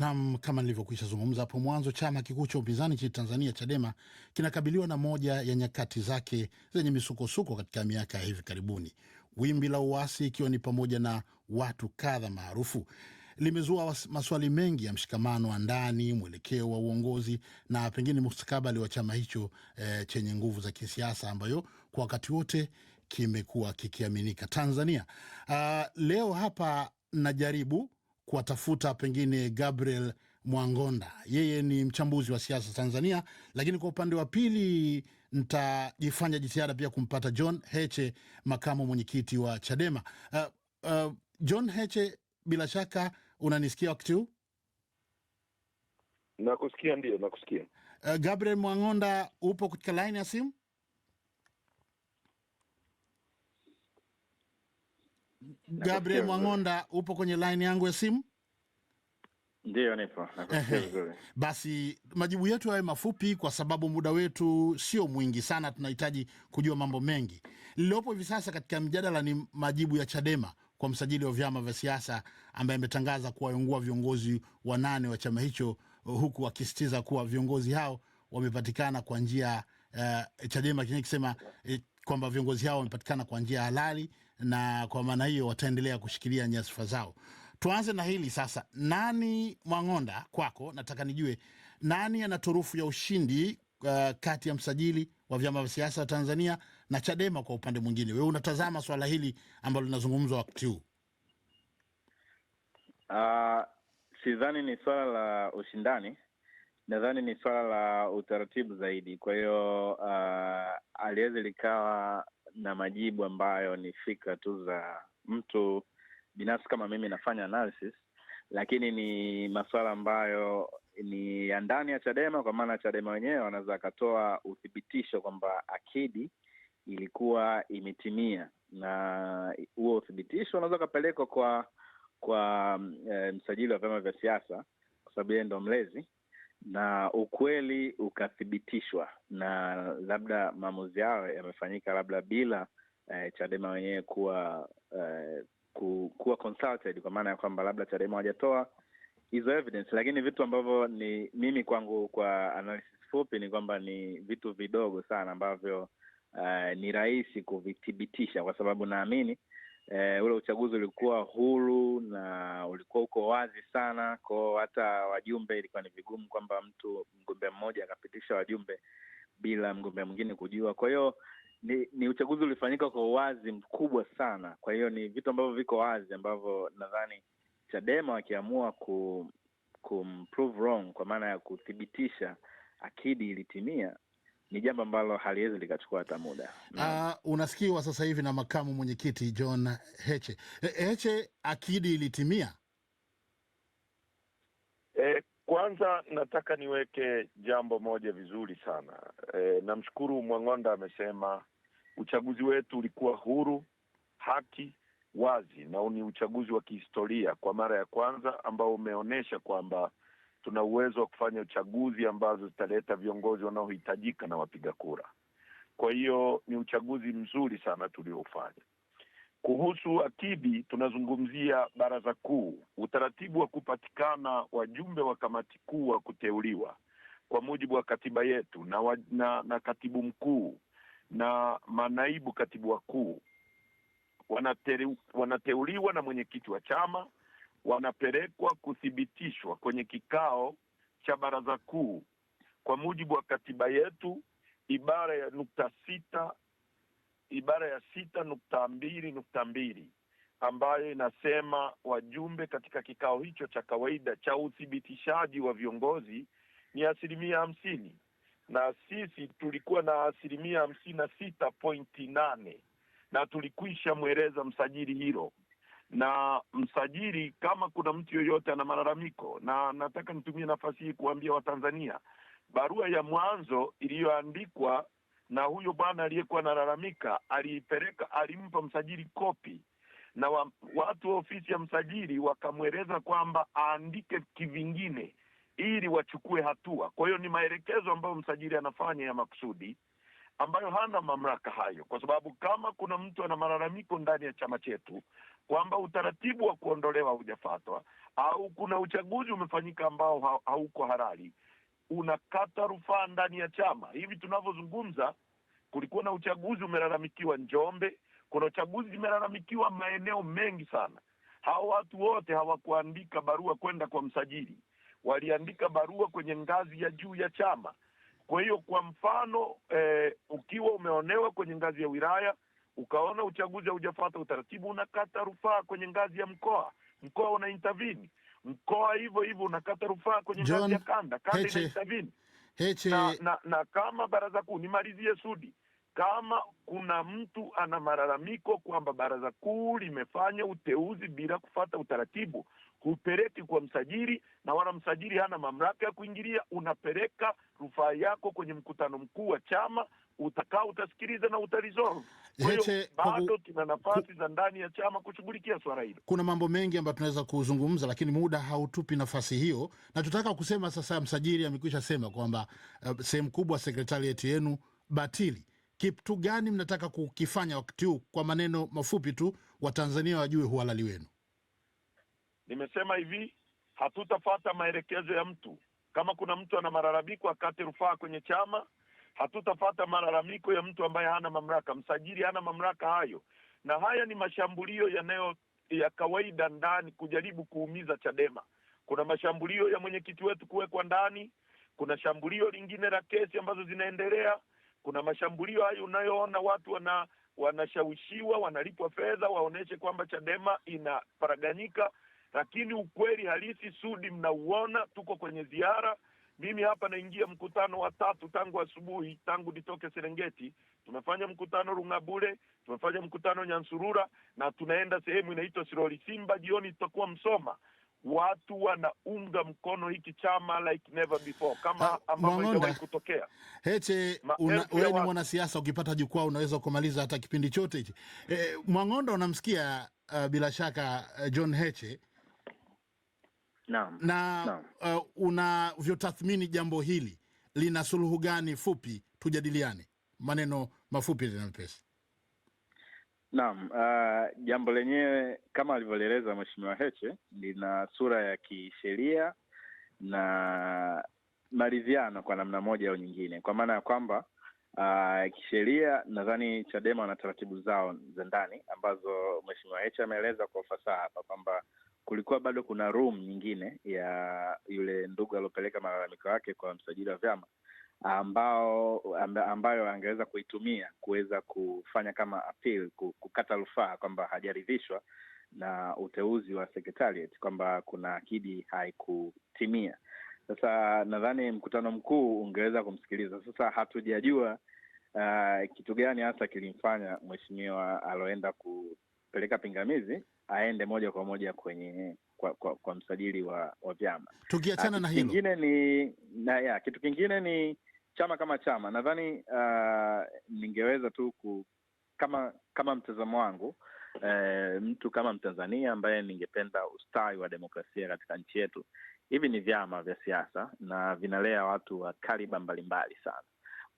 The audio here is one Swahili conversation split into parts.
Nam, kama nilivyokwisha zungumza hapo mwanzo, chama kikuu cha upinzani nchini Tanzania, Chadema, kinakabiliwa na moja ya nyakati zake zenye misukosuko katika miaka ya hivi karibuni, wimbi la uasi ikiwa ni pamoja na watu kadha maarufu limezua maswali mengi ya mshikamano wa ndani, mwelekeo wa uongozi na pengine mustakabali wa chama hicho e, chenye nguvu za kisiasa ambayo kwa wakati wote kimekuwa kikiaminika Tanzania. Uh, leo hapa najaribu kuwatafuta pengine Gabriel Mwangonda, yeye ni mchambuzi wa siasa Tanzania, lakini kwa upande wa pili ntajifanya jitihada pia kumpata John Heche, makamu mwenyekiti wa Chadema. Uh, uh, John Heche, bila shaka unanisikia wakati huu? Nakusikia, ndio nakusikia. Uh, Gabriel Mwangonda, upo katika laini ya simu? Gabriel Mwang'onda, upo kwenye line yangu ya simu? Ndiyo, nipo. Basi majibu yetu yawe mafupi kwa sababu muda wetu sio mwingi sana, tunahitaji kujua mambo mengi. Lililopo hivi sasa katika mjadala ni majibu ya Chadema kwa msajili wa vyama vya siasa ambaye ametangaza kuwaungua viongozi wanane wa chama hicho, huku akisitiza kuwa viongozi hao wamepatikana kwa njia uh, Chadema chenyewe ikisema uh, eh, kwamba viongozi hao wamepatikana kwa njia halali na kwa maana hiyo wataendelea kushikilia nyasifa zao. Tuanze na hili sasa. Nani Mwang'onda, kwako nataka nijue nani ana turufu ya ushindi uh, kati ya msajili wa vyama vya siasa wa Tanzania na Chadema kwa upande mwingine, wewe unatazama swala hili ambalo linazungumzwa wakati huu? Uh, sidhani ni swala la ushindani, nadhani ni swala la utaratibu zaidi. Kwa hiyo uh, aliweza likawa na majibu ambayo ni fikra tu za mtu binafsi kama mimi nafanya analysis, lakini ni masuala ambayo ni ya ndani ya Chadema, kwa maana Chadema wenyewe wanaweza akatoa uthibitisho kwamba akidi ilikuwa imetimia, na huo uthibitisho unaweza ukapelekwa kwa kwa e, msajili wa vyama vya siasa kwa sababu yeye ndo mlezi na ukweli ukathibitishwa na labda maamuzi yao yamefanyika labda bila eh, Chadema wenyewe kuwa eh, ku, kuwa consulted, kwa maana ya kwamba labda Chadema wajatoa hizo evidence, lakini vitu ambavyo ni mimi kwangu kwa analysis fupi ni kwamba ni vitu vidogo sana ambavyo eh, ni rahisi kuvithibitisha kwa sababu naamini e, ule uchaguzi ulikuwa huru na ulikuwa uko wazi sana kwao, hata wajumbe ilikuwa ni vigumu kwamba mtu mgombea mmoja akapitisha wajumbe bila mgombea mwingine kujua. Kwa hiyo ni, ni uchaguzi ulifanyika kwa uwazi mkubwa sana. Kwa hiyo ni vitu ambavyo viko wazi ambavyo nadhani Chadema wakiamua ku kumprove wrong, kwa maana ya kuthibitisha akidi ilitimia, ni jambo ambalo haliwezi likachukua hata muda. Uh, unasikiwa sasa hivi na makamu mwenyekiti John Heche. E, Heche, akidi ilitimia. E, kwanza nataka niweke jambo moja vizuri sana. e, namshukuru Mwang'onda amesema uchaguzi wetu ulikuwa huru, haki, wazi na ni uchaguzi wa kihistoria kwa mara ya kwanza ambao umeonyesha kwamba tuna uwezo wa kufanya uchaguzi ambazo zitaleta viongozi wanaohitajika na wapiga kura. Kwa hiyo ni uchaguzi mzuri sana tuliofanya. Kuhusu akidi, tunazungumzia baraza kuu, utaratibu wa kupatikana wajumbe wa kamati kuu wa kuteuliwa kwa mujibu wa katiba yetu na, wa, na, na katibu mkuu na manaibu katibu wakuu wanateuliwa na mwenyekiti wa chama wanapelekwa kuthibitishwa kwenye kikao cha baraza kuu kwa mujibu wa katiba yetu ibara ya nukta sita ibara ya sita nukta mbili nukta mbili ambayo inasema wajumbe katika kikao hicho cha kawaida cha uthibitishaji wa viongozi ni asilimia hamsini na sisi tulikuwa na asilimia hamsini na sita pointi nane na tulikwisha mweleza msajili hilo na msajili, kama kuna mtu yoyote ana malalamiko. Na nataka nitumie nafasi hii kuambia Watanzania barua ya mwanzo iliyoandikwa na huyo bwana aliyekuwa analalamika, aliipeleka alimpa msajili kopi na wa, watu wa ofisi ya msajili wakamweleza kwamba aandike kivingine ili wachukue hatua. Kwa hiyo ni maelekezo ambayo msajili anafanya ya makusudi ambayo hana mamlaka hayo, kwa sababu kama kuna mtu ana malalamiko ndani ya chama chetu kwamba utaratibu wa kuondolewa haujafatwa au kuna uchaguzi umefanyika ambao hauko halali, unakata rufaa ndani ya chama. Hivi tunavyozungumza, kulikuwa na uchaguzi umelalamikiwa Njombe, kuna uchaguzi zimelalamikiwa maeneo mengi sana. Hao watu wote hawakuandika barua kwenda kwa msajili, waliandika barua kwenye ngazi ya juu ya chama kwa hiyo kwa mfano eh, ukiwa umeonewa kwenye ngazi ya wilaya ukaona uchaguzi haujafata utaratibu, unakata rufaa kwenye ngazi ya mkoa, mkoa una intervene, mkoa hivyo hivyo unakata rufaa kwenye John, ngazi ya kanda, kanda ina intervene na, na, na kama baraza kuu, nimalizie Sudi, kama kuna mtu ana malalamiko kwamba baraza kuu limefanya uteuzi bila kufata utaratibu, hupeleki kwa msajili, na wala msajili hana mamlaka ya kuingilia. Unapeleka rufaa yako kwenye mkutano mkuu wa chama utakaa utasikiliza na utalisolve. Kwa bado tuna nafasi za ndani ya chama kushughulikia swala hilo. Kuna mambo mengi ambayo tunaweza kuzungumza, lakini muda hautupi nafasi hiyo, na tutaka kusema sasa, msajili amekwisha sema kwamba uh, sehemu kubwa sekretarieti yenu batili. Kitu gani mnataka kukifanya wakati huu? Kwa maneno mafupi tu, Watanzania wajue uhalali wenu. Nimesema hivi, hatutafata maelekezo ya mtu. Kama kuna mtu ana malalamiko akate rufaa kwenye chama. Hatutafata malalamiko ya mtu ambaye hana mamlaka. Msajili hana mamlaka hayo, na haya ni mashambulio yanayo ya kawaida ndani, kujaribu kuumiza Chadema. Kuna mashambulio ya mwenyekiti wetu kuwekwa ndani, kuna shambulio lingine la kesi ambazo zinaendelea, kuna mashambulio hayo unayoona watu wana wanashawishiwa wanalipwa fedha waoneshe kwamba Chadema inaparaganyika lakini ukweli halisi Sudi mnauona. Tuko kwenye ziara, mimi hapa naingia mkutano wa tatu tangu asubuhi, tangu nitoke Serengeti. Tumefanya mkutano Rungabule, tumefanya mkutano Nyansurura na tunaenda sehemu inaitwa Siroli Simba. Jioni tutakuwa Msoma. Watu wanaunga mkono hiki chama like never before, kama ambavyo kutokea. Heche, wewe ni mwanasiasa, ukipata jukwaa unaweza kumaliza hata kipindi chote hichi. E, eh, Mwang'onda unamsikia, uh, bila shaka uh, John Heche Naam. Na Uh, unavyotathmini jambo hili lina suluhu gani fupi? Tujadiliane maneno mafupi na mepesi. Naam, uh, jambo lenyewe kama alivyolieleza Mheshimiwa Heche lina sura ya kisheria na maridhiano kwa namna moja au nyingine, kwa maana ya kwamba uh, kisheria nadhani Chadema wana taratibu zao za ndani ambazo Mheshimiwa Heche ameeleza kwa ufasaha hapa kwamba kulikuwa bado kuna room nyingine ya yule ndugu aliopeleka malalamiko yake kwa msajili wa vyama ambao ambayo angeweza kuitumia kuweza kufanya kama appeal, kukata rufaa kwamba hajaridhishwa na uteuzi wa sekretariat kwamba kuna akidi haikutimia. Sasa nadhani mkutano mkuu ungeweza kumsikiliza. Sasa hatujajua uh, kitu gani hasa kilimfanya mweshimiwa aloenda kupeleka pingamizi aende moja kwa moja kwenye kwa, kwa, kwa msajili wa, wa vyama. Tukiachana na hilo, kingine ni na ya, kitu kingine ni chama kama chama, nadhani uh, ningeweza tu ku, kama kama mtazamo wangu eh, mtu kama Mtanzania ambaye ningependa ustawi wa demokrasia katika nchi yetu, hivi ni vyama vya siasa na vinalea watu wa kaliba mbalimbali sana.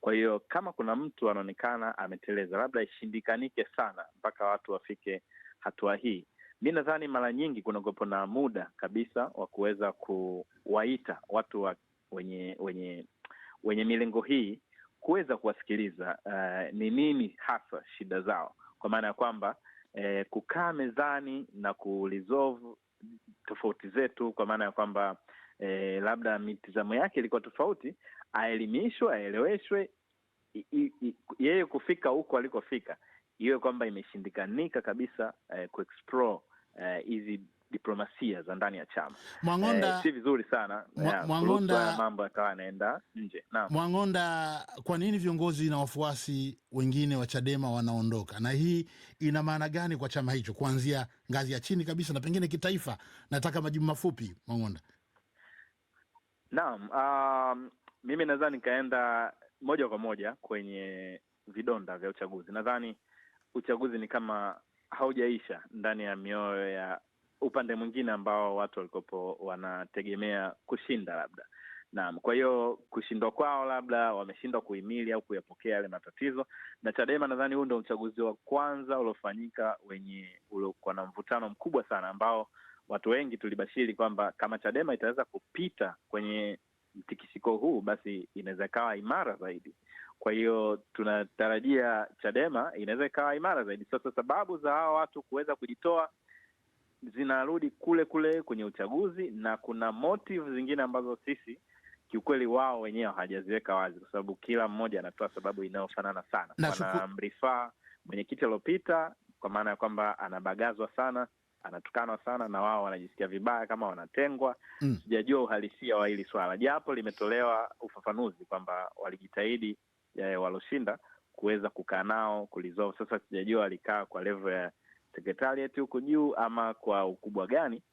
Kwa hiyo kama kuna mtu anaonekana ameteleza, labda ishindikanike sana mpaka watu wafike hatua hii mi nadhani mara nyingi kunakuwepo na muda kabisa wa kuweza kuwaita watu wa wenye wenye wenye milengo hii kuweza kuwasikiliza eh, ni uh, nini hasa shida zao, kwa maana ya kwamba eh, kukaa mezani na kuresolve tofauti zetu, kwa maana ya kwamba eh, labda mitizamo yake ilikuwa tofauti, aelimishwe, aeleweshwe, yeye kufika huko alikofika, iwe kwamba imeshindikanika kabisa eh, kuexplore Eh, hizi uh, diplomasia za ndani ya chama Mwangonda, eh, si vizuri sana eh, Mwangonda, mambo yakawa yanaenda nje. Naam Mwangonda, kwa nini viongozi na wafuasi wengine wa Chadema wanaondoka, na hii ina maana gani kwa chama hicho kuanzia ngazi ya chini kabisa na pengine kitaifa? Nataka majibu mafupi Mwangonda. Naam, um, mimi nadhani nikaenda moja kwa moja kwenye vidonda vya uchaguzi. Nadhani uchaguzi ni kama haujaisha ndani ya mioyo ya upande mwingine ambao watu walikopo wanategemea kushinda labda. Naam, kwa hiyo kushindwa kwao labda wameshindwa kuhimili au kuyapokea yale matatizo. Na Chadema nadhani huu ndo uchaguzi wa kwanza uliofanyika wenye uliokuwa na mvutano mkubwa sana, ambao watu wengi tulibashiri kwamba kama Chadema itaweza kupita kwenye mtikisiko huu, basi inaweza ikawa imara zaidi. Kwa hiyo tunatarajia Chadema inaweza ikawa imara zaidi. Sasa sababu za hawa watu kuweza kujitoa zinarudi kule kule kwenye uchaguzi, na kuna motive zingine ambazo sisi kiukweli wao wenyewe hawajaziweka wazi, kwa sababu kila mmoja anatoa sababu inayofanana sana. mrifaa mwenyekiti aliopita kwa maana ya kwamba anabagazwa sana, anatukanwa sana, na wao wanajisikia vibaya kama wanatengwa. Mm. Sijajua mm, uhalisia wa hili swala, japo limetolewa ufafanuzi kwamba walijitahidi waloshinda kuweza kukaa nao kulisolve. Sasa sijajua walikaa kwa level ya sekretariat huko juu ama kwa ukubwa gani,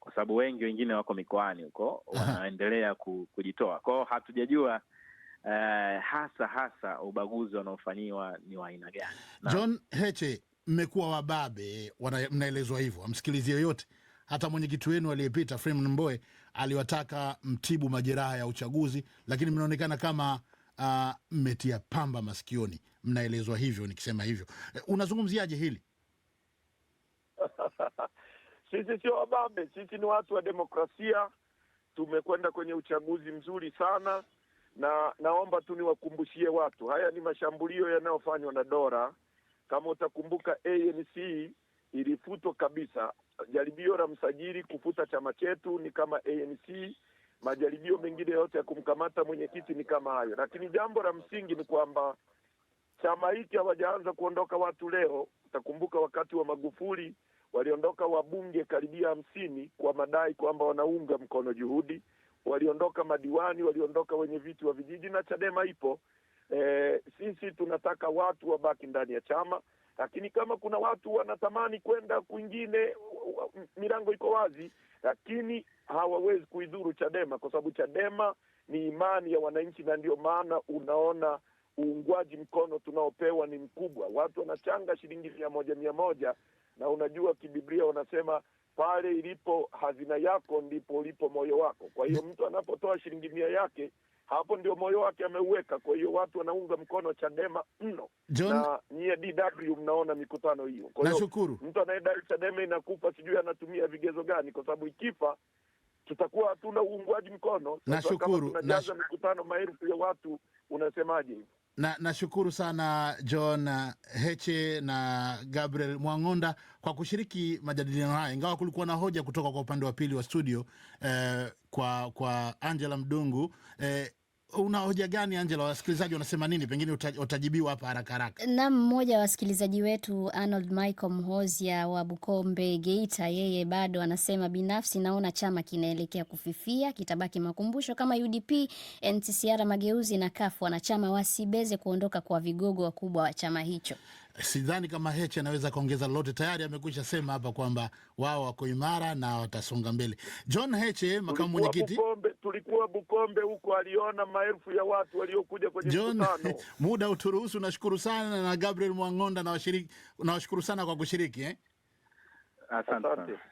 kwa sababu wengi wengine wako mikoani huko wanaendelea kujitoa kwao, hatujajua uh, hasa hasa ubaguzi wanaofanyiwa ni wa aina gani. John Heche, mmekuwa wababe, mnaelezwa hivyo, amsikilizi yoyote hata mwenyekiti wenu aliyepita Freeman Mbowe aliwataka mtibu majeraha ya uchaguzi, lakini mnaonekana kama Ah, mmetia uh, pamba masikioni, mnaelezwa hivyo nikisema hivyo. Eh, unazungumziaje hili? Sisi sio wababe, sisi ni watu wa demokrasia. Tumekwenda kwenye uchaguzi mzuri sana, na naomba tu niwakumbushie watu, haya ni mashambulio yanayofanywa na dola. Kama utakumbuka, ANC ilifutwa kabisa. Jaribio la msajili kufuta chama chetu ni kama ANC majaribio mengine yote ya kumkamata mwenyekiti ni kama hayo. Lakini jambo la msingi ni kwamba chama hiki hawajaanza kuondoka watu leo. Utakumbuka wakati wa Magufuli waliondoka wabunge karibia hamsini kwa madai kwamba wanaunga mkono juhudi, waliondoka madiwani, waliondoka wenye viti wa vijiji, na Chadema ipo. E, sisi tunataka watu wabaki ndani ya chama lakini kama kuna watu wanatamani kwenda kwingine, milango iko wazi, lakini hawawezi kuidhuru Chadema kwa sababu Chadema ni imani ya wananchi, na ndio maana unaona uungwaji mkono tunaopewa ni mkubwa. Watu wanachanga shilingi mia moja mia moja, na unajua kibibria wanasema pale ilipo hazina yako ndipo ulipo moyo wako. Kwa hiyo mtu anapotoa shilingi mia yake hapo ndio moyo wake ameuweka. Kwa hiyo watu wanaunga mkono Chadema mno John... na nyie DW mnaona mikutano hiyo. Kwa hiyo mtu anayedai Chadema inakufa sijui anatumia vigezo gani, kwa sababu ikifa tutakuwa hatuna uungwaji mkono. Nashukuru, tunajaza mikutano maelfu ya watu, unasemaje hivyo? na nashukuru sana John Heche na Gabriel Mwang'onda kwa kushiriki majadiliano haya, ingawa kulikuwa na hoja kutoka kwa upande wa pili wa studio eh, kwa kwa Angela Mdungu eh, una hoja gani Angela? Wasikilizaji wanasema nini? Pengine utajibiwa hapa haraka haraka. Naam, mmoja wa wasikilizaji wetu Arnold Michael Mhozia wa Bukombe, Geita, yeye bado anasema binafsi, naona chama kinaelekea kufifia, kitabaki makumbusho kama UDP, NCCR Mageuzi na CUF. Wanachama wasibeze kuondoka kwa vigogo wakubwa wa chama hicho sidhani kama Heche anaweza kuongeza lolote. Tayari amekwisha sema hapa kwamba wao wako imara na watasonga mbele. John Heche, makamu mwenyekiti. Tulikuwa Bukombe huko, aliona maelfu ya watu waliokuja kwenye mkutano. Muda uturuhusu, nashukuru sana na Gabriel Mwang'onda nawashukuru sana kwa kushiriki eh? Asante.